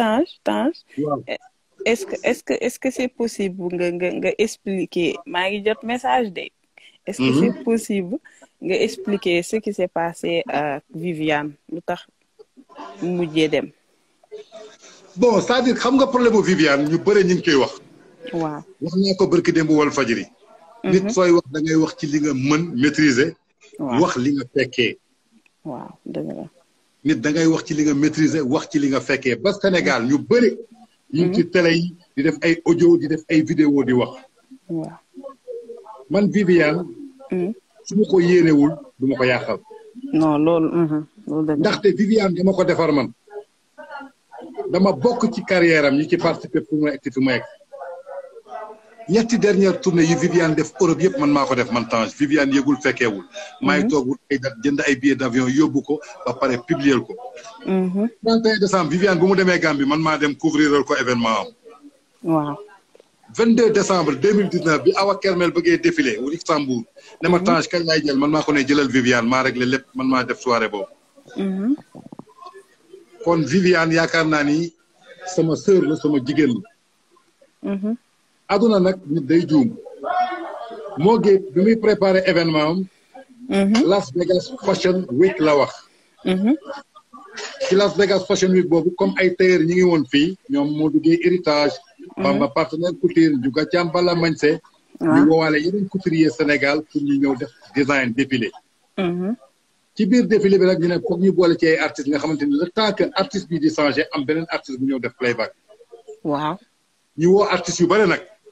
Tange Tange eh, est-ce que est-ce que est-ce que c'est possible nga nga nga expliquer maa ngi jot message de est-ce que mhm. c'est possible nga expliquer ce qui s'est passé à Viviane lutax mujjé dem bon ça à dire xam nga problème Viviane ñu bëri ñing koy wax Wa. wax naa ko barki démb wal fajiri mhm. nit soy wax da ngay wax ci li nga mën maîtriser wax li nga fekkee waaw dëgg la nit da ngay wax ci li nga maîtriser wax ci li nga fekkee ba Sénégal ñu bëri. ñu ngi ci télé yi di def ay audio di def ay vidéo di wax. man Viviane. Hmm. su ma ko yéenewul duma ko yàqal. no lool loolu hmm, ndaxte Viviane dama ko defar man. dama bokk ci carrière am ñi ci participer fu mu nekk fi ñetti dernière tournée yi Viviane def Europe yëpp man maa ko def man Tange Viviane yëgul fekkeewul. Mhm. maa ngi toog wut ay dat jënd ay billet d' avion yóbbu ko ba pare publier ko. 31 mhm. décembre Viviane bu mu demee Gambie man maa dem couvriral ko événement am. waaw. 22 décembre 2019 bi Awa Kermel bëggee défilé wu Luxembourg ne ma mhm. Tange kañ laay jël man maa ko ne jëlal Viviane maa réglé lépp man maa def soirée boobu. kon Viviane yaakaar naa ni sama sœur sama jigéen aduna nag nit day juum moo géet bi muy préparé événement mhm. Las Vegas Fashion Week la wax mhm. ci Las Vegas Fashion Week boobu comme ay tailleur ñi ngi woon fii ñoom moo duggee héritage mhm. bamba partenaire couture juga càmbala mañse ñu woowaale yeneen couturier Sénégal pour ñu ñëw def design défilé ci biir défilé bi nag ñu ne foog ñu boole ci ay artistes nga xamante ni le temps que bi di changé am beneen artiste bu ñëw def playback waaw ñu woo artistes yu bëri nag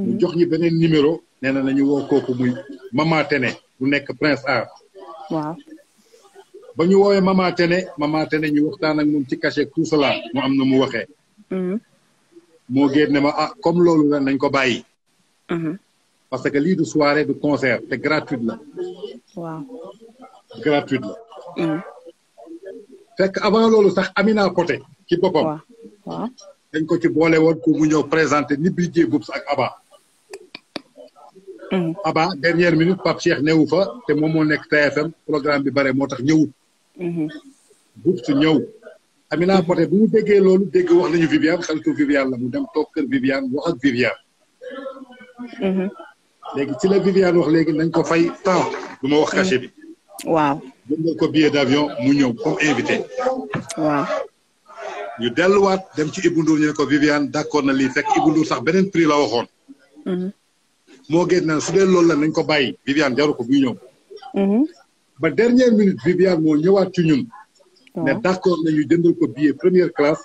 mu mhm. jox ñi beneen numéro nee na nañu woo kooku muy Mama Tene mu nekk Prince Art waaw ba ñu woowee Mama Tene Mama Tene ñu waxtaan ak moom ci cachet tout cela mu am na mu waxee mhm. moo génn ma ah comme loolu la nañ ko bàyyi mhm. parce que lii du soirée du concert te gratuite la waaw fekk avant loolu sax Amina Poté ci boppam dañ ko ci boole woon ko mu ñëw présenté ni Brigé Boubs ak Aba Mm-hmm. aba dernière minute Pape Cheikh newu fa te moom moo nekk TFM programme bi bare moo tax ñëwut buftu mm-hmm. ñëw Amina mm-hmm. Poté bu mu déggee loolu dégg wax nañu Viviane xaritu Viviane la mu dem toog kër Viviane wax ak Viviane légui ci la Viviane wax légui nañ ko fay taw du ma wax cachet bi waaw jëndal ko billet d'avion mu ñew comme invité waaw ñu delluwaat dem ci Ibou Ndour ñu ne ko Viviane d'accord na lii fekk Ibou Ndour sax beneen prix la waxoon moo gën na su loolu la nañ ko bàyyi Viviane jaru ko buy ñëw. Mm-hmm. ba dernière minute Viviane moo ñëwaat ci ñun. Oh. ne d'accord nañu jëndal ko billet première classe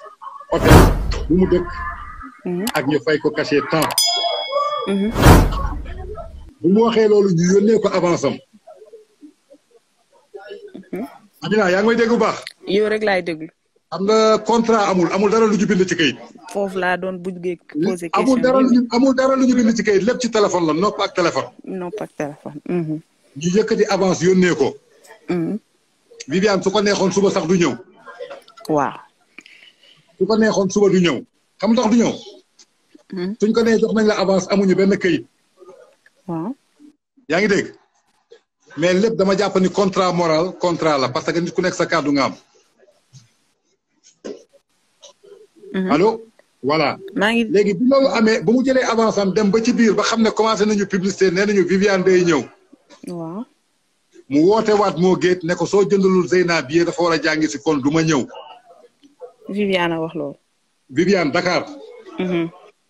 hôtel bu mu dëkk. Mm-hmm. ak ñu fay ko cachet temps. Mm-hmm. bu mu waxee loolu ñu yónnee ko avance am. Amina yaa ngi may dégg bu baax. yow rek laay dégg xam nga contrat amul amul dara lu ñu bind ci kayit. foofu laa doon buggee poser question amul dara amul dara lu ñu bind ci kayit lépp ci téléphone la no ak téléphone. nopp ak téléphone. Mhm. ñu yëkkati avance yónnee ko. Mhm. Viviane su ko neexoon suba sax du ñëw. waaw. su ko neexoon suba du ñëw xam ndax du ñëw. Mhm. suñ ko nee jox nañ la avance amuñu benn kayit. waaw. yaa ngi dégg mais lépp dama jàpp ni contrat moral contrat la parce que nit ku nekk sa kàddu nga am. Mhm. alo voilà maa ngi léegi bi loolu amee ba mu jëlee avance am dem ba ci biir ba xam ne commencé nañu publicité nee nañu Viviane day ñëw. waaw. mu woote waat moo géet ne ko soo jëndalul Zeyna billet dafa war a jàngi si kon duma ñëw. Viviane a wax loolu. Viviane Dakar. Mhm.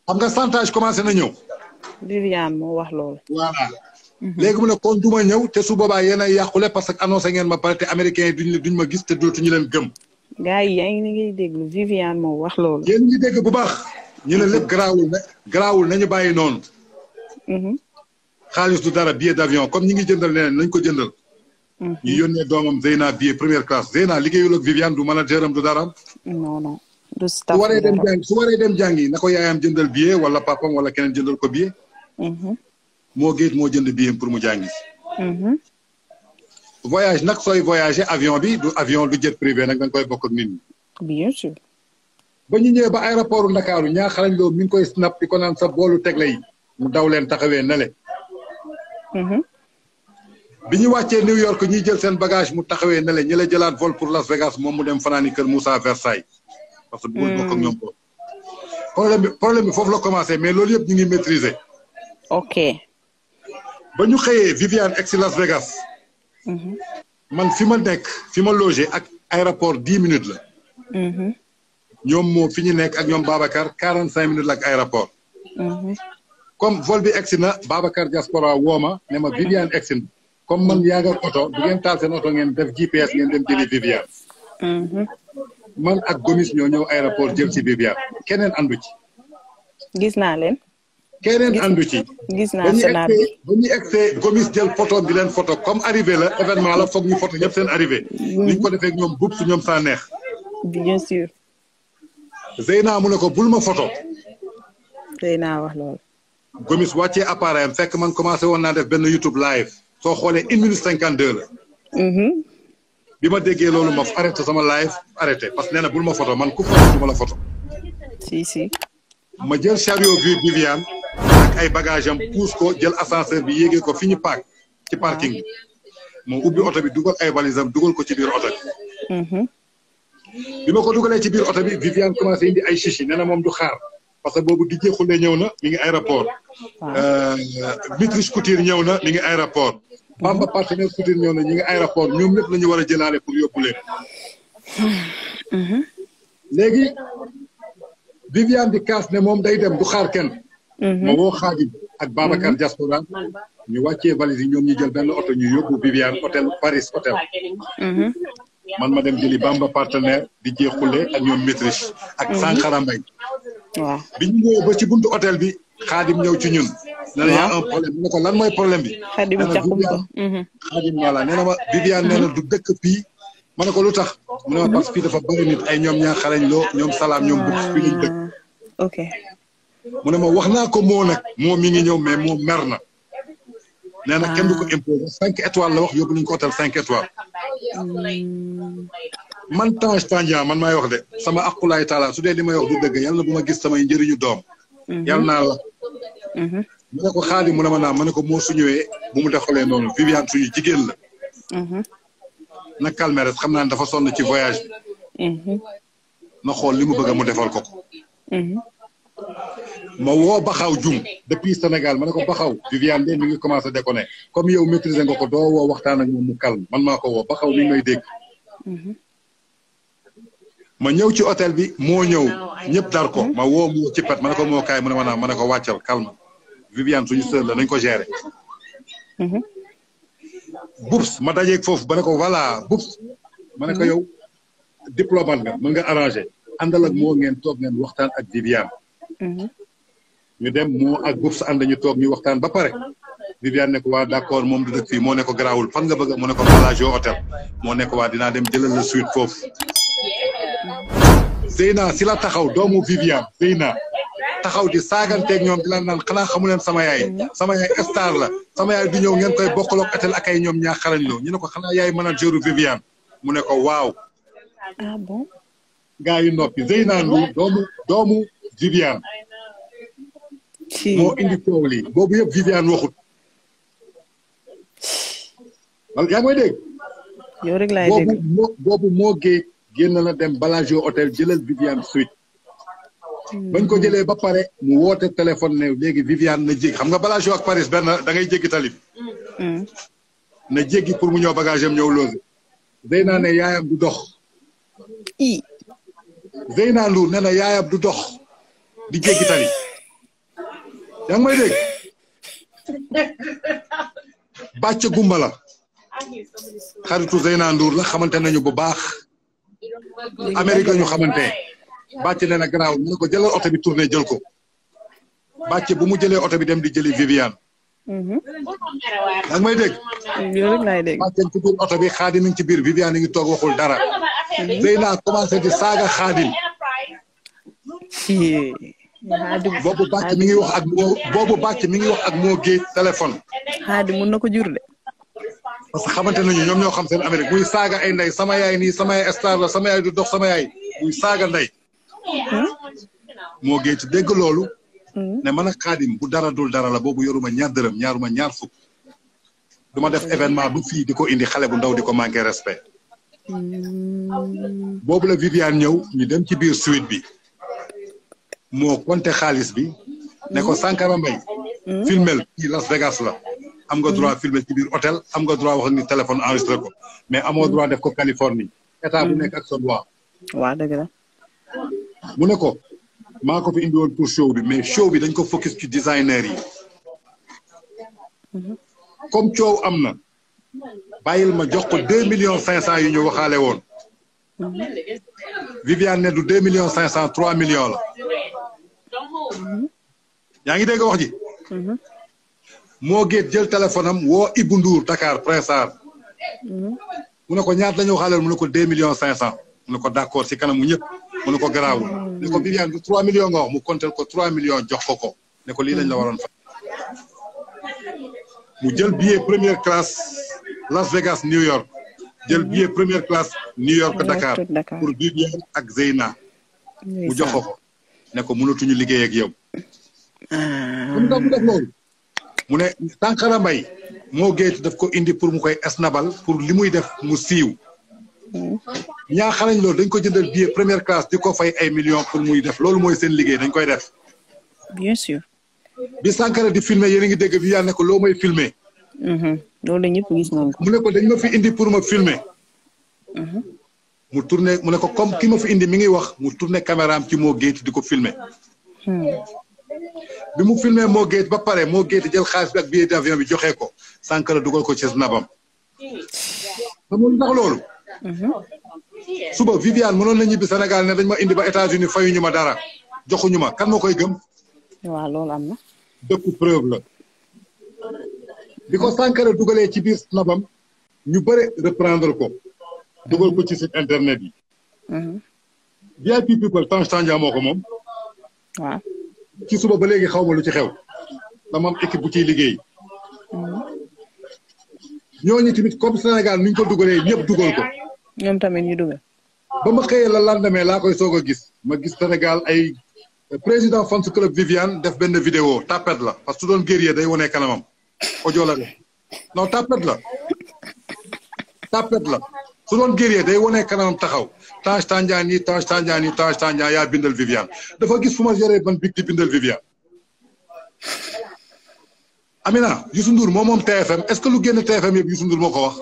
xam nga chantage commencé na ñëw. Viviane moo wax loolu. voilà. Mhm. léegi mu ne kon du ñëw te su boobaa yéen a yàqule parce que annoncé ngeen ma pare te américains yi duñ ma gis te dootuñu leen gëm. gars yi yaa ngi ngi déglu Viviane moo wax loolu. yéen ñi bu baax. ñu ne lépp garaawul na garaawul nañu bàyyi noonu. Mhm. xaalis du dara billet d' avion comme ñi ngi jëndal leneen nañ ko jëndal. Mhm. ñu yónnee doomam Zeyna billet première classe Zeyna liggéeyul ak Viviane du manager am du dara. non non du su waree dem jàng su na ko yaayam jëndal billet wala papam wala keneen jëndal ko billet. Mhm. moo géet moo jënd billet pour mu jàngi. voyage nak sooy voyager avion bi du avion du jet privé nak da nga koy bokk nit ñi. bien sûr. ba ñu ñëw ba aéroport Ndakaaru ñaa xarañ loo mi ngi koy snap di ko naan sa bolu tegle yi mu daw leen taxawé na le. Mhm. bi ñu wàccee New York ñi jël sen bagage mu taxawé na le ñu la jëlaat vol pour Las Vegas moom mu dem fanani keur Moussa Versailles. parce que bëggul bokk ak ñom hmm. boobu. problème bi problème fofu la commencé mais loolu yëpp ñi ngi maîtriser. ok. ba ñu xëyee Viviane egg Las Vegas. man fi ma nekk fi ma ak aéroport dix minutes la. Mhm. ñoom moo fi ñu nekk ak ñoom Babacar quarante cinq minutes la ak aéroport. Mhm. comme vol bi egsi na Babacar diaspora woo ma ne ma Viviane egsi comme man yaa nga oto bu ngeen taal seen oto ngeen def GPS ngeen dem jëli Viviane. Mhm. man ak Gomis ñoo ñëw aéroport jël ci Viviane keneen andu ci. gis leen. keneen àndu gis na solar bi ba ñuy egsee gomis jël photo bi leen photo comme arrivé la événement la foog ñu photo ñëpp seen arrivé. Mm. ni ñu ko defee ak ñoom buub su ñoom saa Zeyna mu ne ko bul ma photo. Zeyna wax loolu. gomis wàccee appareil am fekk man commencé woon naa def benn YouTube live soo xoolee une minute cinquante deux la. Mm-hmm. bi ma déggee loolu ma arrêté sama live arrêté parce que nee bul ma photo man ku photo du ma si si. ma jël chariot bi Viviane. ay bagage am puus ko jël ascenseur bi yéegee ko fi ñu paak ci parking bi moo ubbi oto bi dugal ay valisam dugal ko ci biir oto bi. Mm-hmm. bi ma ko dugalee ci biir oto bi Viviane commencé indi ay chichi nee na moom du xaar parce que boobu Didier Khoulé ñëw na mi ngi aéroport. Dmitrice euh, Couture ñëw na mi ngi aéroport. Bamba partenaire Couture ñëw na ñi ngi aéroport ñoom lépp la ñu war a jëlaale pour yóbbu leen. Mm-hmm. léegi Viviane di kaas ne moom day dem du xaar kenn. ma mhm. woo Xaadim ak Babacar mhm. Diaspora ñu wàccee valise yi ñoom ñu jël benn oto ñu yóbbu Viviane hôtel Paris hôtel mhm. man ma dem jëli Bamba partenaire di jeexule ak ñoom maîtrise ak Sankara Mbaye waaw bi ñu ba ci hôtel bi Xaadim ñëw ci ñun ne la y a un problème ne ko lan mooy problème bi Xaadim caqum ko Xaadim voilà nee na du dëkk fii ma ne ko lu tax mu ne ma parce que fii salaam ñoom ah, bugg fii lañ mu ne ma wax naa ko moo nag moo mi ngi ñëw mais moo mer na. nee na kenn du ko ah. imposé cinq étoiles la wax yóbbu nañu ko hôtel cinq étoiles. Hmm. man Tange Tandian man maay wax de sama aqulaay taala su dee li may wax du dëgg yàlla bu ma gis samay njëriñu doom. Hmm. yàlla naa la. Hmm. mu ne mu ne ma naa ma ne ko moo su ñëwee bu mu defalee noonu Viviane suñu jigéen la. na calmer rek xam naa ne dafa sonn ci voyage bi. na xool li mu bëgg mu defal ko ko. ma woo Baxaw Dioum depuis Sénégal ma ne ko Baxaw Viviane de mi ngi commencé déconné comme yow maîtriser nga ko doo woo waxtaan ak moom mu calme man maa ko woo Baxaw mi ngi may dégg. ma ñëw ci hôtel bi moo ñëw ñëpp dar ko ma woo mu ci pet ma ne ko moo kaay mu ne ma naa ma ne ko wàccal calme Viviane suñu sœur la nañ ko gérer. Boubs ma dajeeg foofu ba ne ko voilà Boubs ma ne ko yow diplomate nga mën nga arrangé àndal ak moo ngeen toog ngeen waxtaan ak Viviane. ñu dem moo ak groupe sa ànd ñu toog ñu waxtaan ba pare Viviane neko ko waa d'accord moom du dëkk fii moo ne ko garaawul fan nga bëgg mu ne ko village au hôtel moo ne waa dinaa dem jëlal la suite foofu Zeyna si la taxaw doomu Viviane Zeyna taxaw di saaganteeg ñoom di laan naan xanaa xamu leen sama yaay sama yaay star la sama yaay du ñëw ngeen koy bokkaloog hôtel ak ay ñoom ñaa xarañ loo ñu ne ko xanaa yaay manager Viviane mu ne ko waaw ah bon gaa yi Zeyna Ndour doomu doomu Viviane moo indi coow lii boobu yëpp Viviane waxut. man yaa ngi koy dégg. yow rek laay dégg na dem Bellagio hôtel jëlal Viviane suite. Hmm. bañ ko jëlee ba pare mu woote téléphone ne léegi Viviane na jéggi xam nga Bellagio ak Paris benn da ngay jéggi tali hmm. na jéggi pour mu ñëw bagage am ñëw loose. Zeyna ne yaayam du dox. i Zeyna Ndour ne na du dox di jéggi yaa may dégg bàcc gumba la xaritu Zeyna nduur la xamante nañu bu baax Amérique la ñu xamante bàcc nee na garaaw mu jëlal oto bi tourné jël ko bàcc bu mu jëlee oto bi dem di jëli Viviane. Mhm. yaa ngi may dégg. yow laay bàcc ci biir oto bi xaadim mi ngi ci biir Viviane ngi toog waxul dara. Mhm. Zeyna commencé di saaga xaadim. boobu bàcc mi ngi wax ak moo boobu bàcc mi ngi wax ak moo géej téléphone. xaadi mun na ko jur de. parce que xamante nañu ñoom ñoo xam seen Amérique muy saaga ay ndey sama yaay nii sama yaay star la sama yaay du dox sama yaay muy saaga ndey. moo géej dégg loolu. Hmm? ne man ak bu dara dul dara la boobu yoruma ñaar dërëm ñaaruma ñaar fukk. du ma def événement bu fii di ko indi xale bu ndaw di ko manqué respect. Hmm. boobu la Viviane ñëw ñu dem ci biir suite bi. moo compté xaalis bi. ne ko Sankara Mbaye. Hmm? filmel ci Las Vegas la. am nga droit hmm. filmer ci biir hôtel am nga droit wax ni téléphone enregistré ko mais amoo hmm. droit def ko Californie. état bu ne ak sa droit. waaw dëgg la. mu ne ko maa ko fi indiwoon pour show bi mais show bi dañ ko focus ci designer yi. comme coow am na. bàyyil ma jox ko deux millions cinq cent yi ñu waxaale woon. Viviane ne du deux millions cinq cent trois millions la. Mm-hmm. yaa ngi dégg wax ji. Mm-hmm. moo géet jël téléphone woo Ibou Ndour Dakar Prince mm-hmm. mu ne ko ñaata la ñu mu ne ko deux millions cinq cent. mu ne ko d' si kanamu ñëpp mu ne ko garaawul. ne ko Viviane du trois millions nga mu compter ko trois millions jox ko ko ne ko lii lañ la waroon fa mu jël billet première classe Las Vegas New York. jël billet première classe New York Dakar pour Viviane ak Zeyna. mu jox ko. ne ko mënatuñu liggéey ak yow. mu ne Sankara Mbaye moo géej daf ko indi pour mu koy esnabal pour li muy def mu siiw. ñaa xalañ loolu dañ ko jëndal billet première classe di ko fay ay millions pour muy def loolu mooy seen liggéey dañ koy def. bien sûr. bi Sankara di filmer yéen a ngi dégg bi yaa ne ko loo may filmer. Mhm. loolu la ñëpp gis mu ne dañ ma fi indi pour ma filmer. Mhm. mu tourné mu ne ko comme ki ma fi indi mi ngi wax mu tourné caméra ci moo géet di ko filmer hmm. bi mu filmer moo géet ba pare moo géet jël xaalis bi ak billet d'avion bi joxe ko Sankara dugal ko ci nabam xamul ndax loolu hmm. suba Viviane mënoon na ñibbi Sénégal ne dañ ma indi ba États-Unis fayuñu ma dara joxuñu ma kan moo koy gëm waaw loolu am na dëkk preuve la bi ko Sankara dugalee ci biir nabam ñu bëri reprendre ko dugal ko ci site internet yi. Mhm. VIP people Tange Tandian moo ko moom. waaw ci suba ba léegi xaw ma lu ci xew. dama am équipe bu ciy liggéey. Mhm. ñooñu tamit comme Sénégal ni ko dugalee ñëpp dugal ko. ñoom tamit ñu dugal. ba ma xëyee la lendemain laa koy soog a gis ma gis Sénégal ay président fans club Viviane def benn vidéo tapet la parce que su doon guerrier day wone kanamam audio la de non tapet la tapet la. su doon guerrier day wane kanam taxaw Tange Tandian yi Tange Tandian ni Tange Tandian yaa bindal Viviane dafa gis fu ma yoree ban big di bindal Viviane. Amina Youssou Ndour moom moom TFM est-ce que lu génn TFM yëpp Youssou Ndour moo ko wax.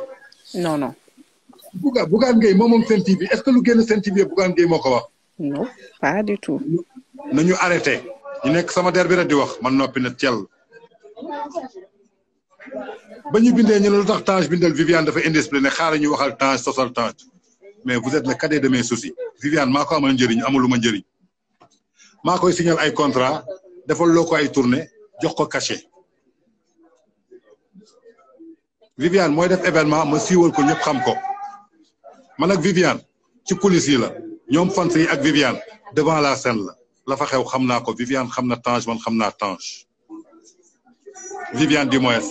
non non. Bouga Bougane Gueye moom moom Sen TV est-ce que lu génn Sen TV yëpp Bougane Gueye ko wax. non pas du tout. nañu arrêté ñu nekk sama der bi di wax man noppi na Thiel. ba ñu bindee ñu ne lu tax Tange bindal Viviane dafa indiscipliné xaaral ñu waxal Tange sosal Tange mais vous êtes le cadet de mes soucis vivian maa ko amal njëriñ amaluma njëriñ maa koy signal ay contrat defal loo ko ay tournée jox ko caché vivian mooy def événement ma siiwal ko ñëpp xam ko man ak vivian ci coulisse yi la ñoom fans yi ak vivian devant la scène la la fa xew xam naa ko Vivian xam na Tange man xam naa Tange vivian di moins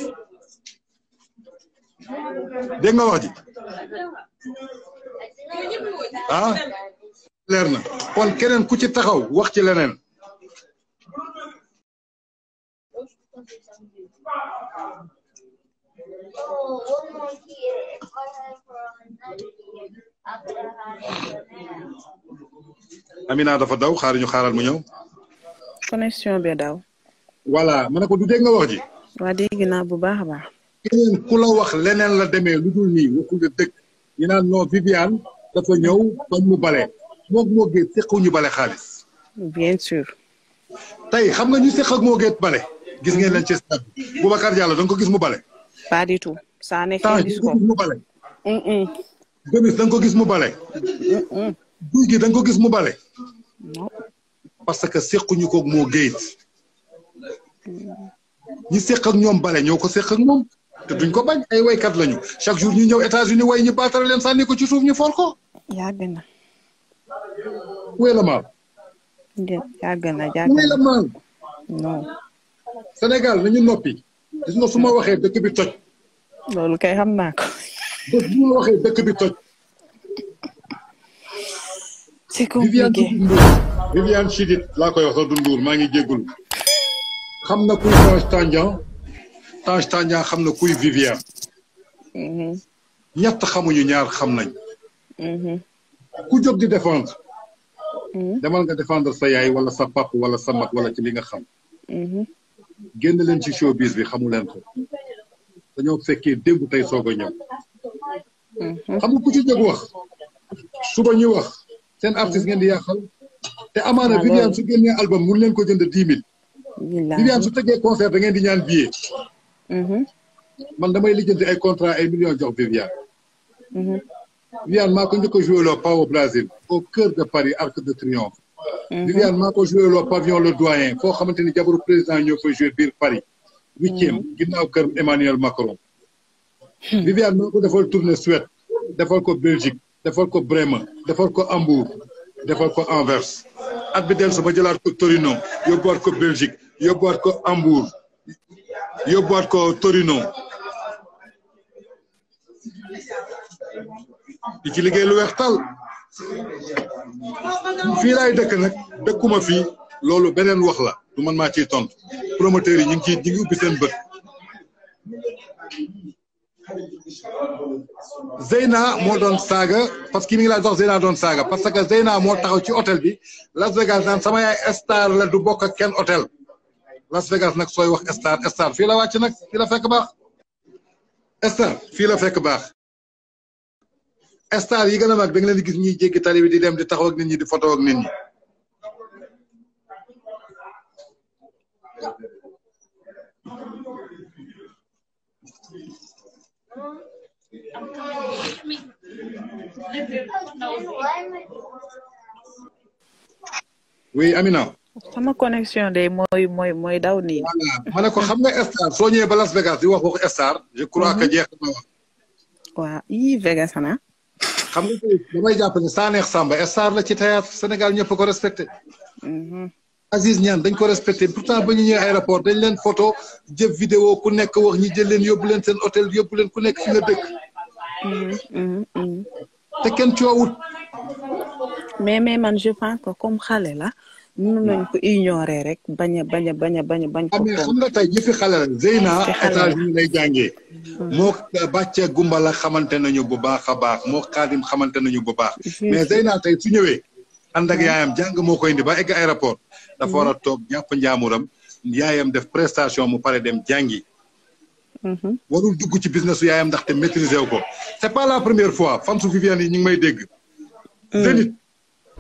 dégg nga wax ji ah leer na kon keneen ku ci taxaw wax ci leneen Amina dafa daw xaar ñu xaaral mu ñëw. connexion bi daw. voilà ma ne ko du dégg nga wax ji. waa dégg bu baax a baax. ku la wax leneen la deme lu dul nii waxul dëkk ñu naan non dafa ñëw bañ mu bale moom moo géet séqu ñu bale xaalis bien sûr tey xam nga ñu séq ak moo géet bale gis ngeen leen ci stade Boubacar Diallo da nga ko gis mu bale pas du tout ko da ko gis mu bale guy gi da ko gis mu bale parce que séquñu ko moo géet ñi séq ak ñoom bale ñoo ko séq moom te duñ ko bañ ay waykat lañu chaque jour ñu ñëw États-Unis way ñu baatara leen sànni ko ci suuf ñu for ko. yàgg na. wéyal maal. yàgg na yàgg na Sénégal nañu noppi. gis nga su ma waxee dëkk bi toj. loolu kay xam naa ko. bés bu ma waxee toj. c'est Viviane Chidid laa koy wax sa dunduur maa ngi jéggul xam na kuy Tange Tange Tandian xam na kuy Viviane. Mm-hmm. ñett xamuñu ñaar xam nañ. Mm-hmm. ku jóg di défendre. Mm-hmm. demal nga défendre sa yaay wala sa pap wala sa mag wala ci li nga xam. génn leen ci showbiz bi xamu leen ko. dañoo fekkee démb tey soog a ñëw. xam nga ku ci jóg wax. suba ñu wax. seen artiste ngeen di yàqal. te amaana ah, Viviane su génnee album mun leen ko jënd dix mille. Viviane su tegee concert da ngeen di ñaan billet. Mhm. man damay lijjanti ay contrat ay millions jox Vivian. Mhm. Vivian maa ko njëkk a joué loo PAO Brésil au cœur de Paris Arc de Triomphe. Mhm. Vivian maa ko joué loo Pavillon Le Doyen foo xamante ni jabaru président ñoo fay joué biir Paris. huitième ginnaaw kër Emmanuel Macron. Hmm. Viviane maa ko defal tournée Suède defal ko Belgique defal ko Brême defal ko Hambourg defal ko Anvers. at bi dellu ba jëlaat ko Torino yóbbuwaat ko Belgique yóbbuwaat ko Hambourg. yóbbuwaat ko Torino di ci liggéey lu weex tal fii laay dëkk nag dëkkuma fi loolu beneen wax la du man maa ciy tontu promoteurs yi ñu ngi ciy ñu ngi ubbi seen bët Zeyna moo doon saaga parce que mi ngi laa dox Zeyna doon saaga parce que Zeyna moo taxaw ci hôtel bi Las Vegas naan sama yaay la du bokk ak kenn hôtel Las Vegas nag sooy wax star star fii la wàcc nag fii la fekk baax star fii la fekk baax star yi gën a mag da nga leen di gis ñuy jéggi tali bi di dem di taxaw ak nit ñi di foto ak nit ñi oui Amina sama connexion day mooy mooy mooy daw nii. ma ko xam nga star soo ñëwee ba Las Vegas di wax waxu star je crois mhm. que jeex na wax. jàpp ne Sanex Samba la ci théâtre Sénégal ñëpp ko respecté. Mhm. Aziz Niane dañ ko respecté pourtant ba ñu ñëwee aéroport dañ leen photo jëf vidéo ku nekk wax ñi jël leen yóbbu leen seen hôtel yóbbu leen ku nekk fi nga dëkk. Mhm, te kenn coowut. mais mais man je pense que comme xale la. mënoon nañ ko ignorer rek bañ a bañ a bañ a a bañ ko ah, xam nga tey jëfi xale la Zeyna états lay jàngee hmm. moo bàccee gumba la xamante nañu bu baax a baax moo xaadim xamante ñu bu baax mais Zeyna tey su ñëwee ànd ak yaayam jàng moo koy indi ba egg aéroport dafa war a toog jàpp njaamuram yaayam def prestation mu pare dem jàngi hmm. warul dugg ci business yaayam ndaxte maîtriser wu ko c'est pas la première fois fan su Viviane yi ñu ngi may dégg hmm. Zénith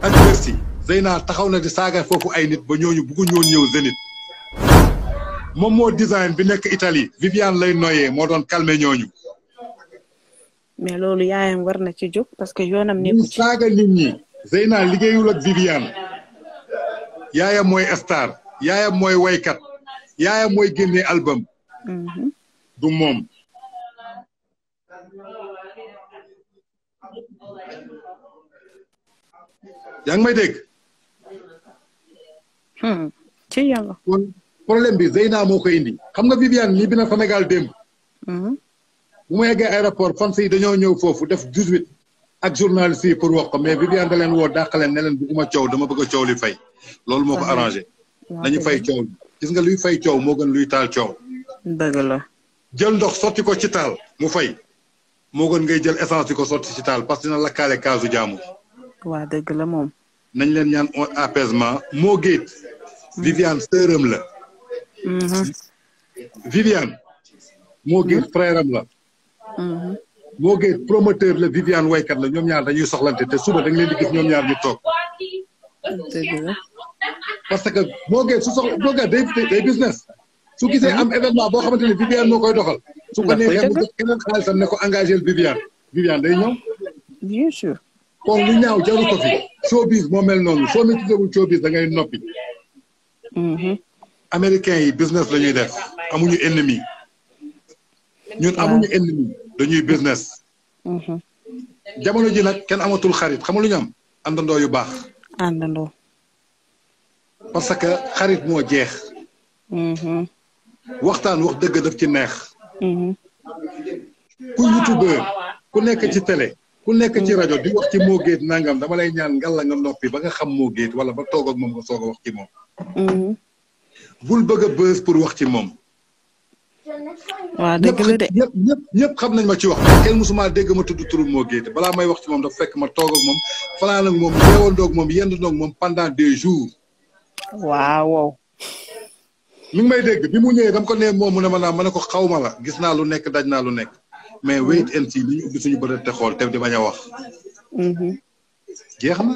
ak Bercy Zeyna taxaw na di saaga foofu ay nit ba ñooñu bëggu ñoo ñëw Zénith moo design bi nekk Italie Viviane lay noyee moo doon calmer ñooñu. mais loolu yaayam war na ci parce que yoonam nekku ci saaga nit ñi Zeyna liggéeyul ak Viviane yaayam mooy star yaayam mooy waykat yaayam mooy génnee album. Mhm. du moom. yaa ngi may dégg. Hmm. ci yàlla. kon problème bi Zeyna moo ko indi. xam nga Viviane ñi bi na Sénégal démb. Hmm. bu mu yeggee aéroport fans yi dañoo ñëw foofu def dix huit ak journaliste yi pour wax ko mais Viviane da leen wo dàq leen ne leen bëgguma coow dama bëgg a coow li fay. loolu moo ko ah, arrangé. nañu fay coow gis nga luy fay coow moo gën luy taal coow. dëgg la. jël ndox sotti ko ci taal mu fay moo gën ngay jël essence di ko sotti ci taal parce que dina lakkaale kaasu jaamu. waa dëgg la moom. nañ leen ñaan apaisement moo Viviane sœuram la mm-hmm. Viviane moo mm-hmm. frère la mm-hmm. moo Vivian. promoteur la Viviane waykat la ñoom ñaar dañuy soxlante te suba dañ leen parce que su business événement Viviane doxal keneen ne Viviane Viviane bien sûr kon lu ñaaw jaru ko fi showbiz moo mel noonu soo maîtrisewul showbiz da ngay noppi. Mm-hmm. américains yi business la ñuy def amuñu ennemi. ñun ah. amuñu ennemi dañuy business. Mm-hmm. jamono ji nag kenn amatul xarit xam lu ñu am àndandoo yu baax. àndandoo. parce que xarit moo jeex. Mm-hmm. waxtaan wax dëgg daf ci neex. ku youtubeur ku nekk ci tele ku nekk ci mm. rajo di wax ci moo géet nangam dama lay ñaan ngalla nga noppi ba nga xam moo géet wala ba toog moom nga soog a wax ci moom. Mm-hmm. bul bëgg bës pour wax ci moom. waaw dëgg la de ñëpp ñëpp ñëpp xam nañ ma ci wax kenn dégg ma tudd turu moo géet balaa may wax ci moom dafa fekk ma toog moom fanaan moom yeewandoo ak moom yendandoo ak moom pendant de jours. waaw. mi ngi may dégg bi mu ñëwee dam ko nee moom mu ne ma naa ma ne ko xaw ma la gis naa lu nekk daj naa lu nekk. mais wait and see li ñu ubbi te xool te di bañ a wax. Mm-hmm. jeex na.